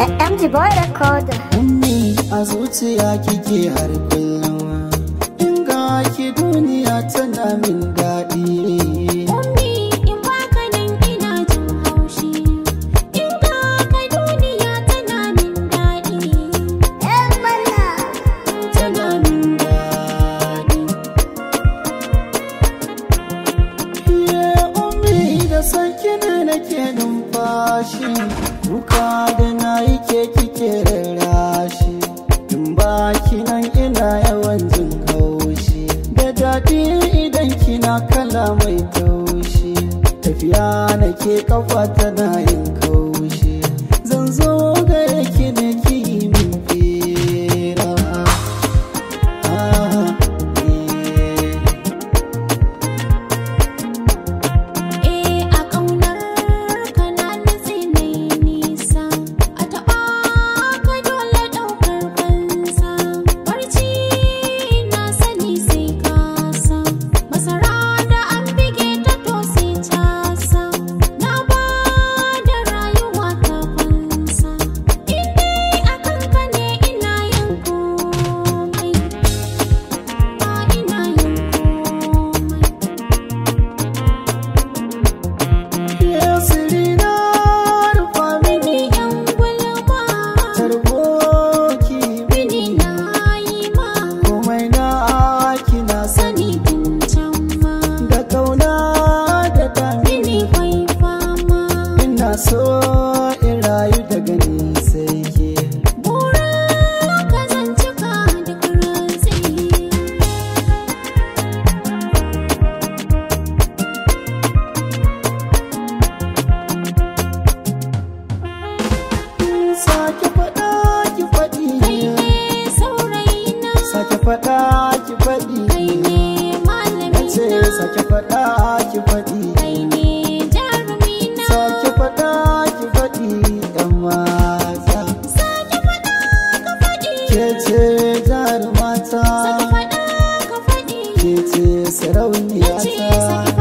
MD Boy Recorder. Ummi a zuciya kike har kullum. In ga ki duniya tana min daɗi. Ummi in baka nan ina jin haushi. In ga ka duniya tana min daɗi. Yan mana tana min daɗi. Ye ummi da sanki nake numfashi. Duka da na yi ke kike rarashi, In ba nan ina yawan jin kaushi, Da daɗi idan kina kala mai taushi Tafiya nake kafa tana yin faɗa ki faɗi kai ne malami na ce sake faɗa ki faɗi kai ne jarumi na sake faɗa ki faɗi yan mata sake faɗa ka faɗi ke ce jarumata sake faɗa ka faɗi ke ce sarauniya ta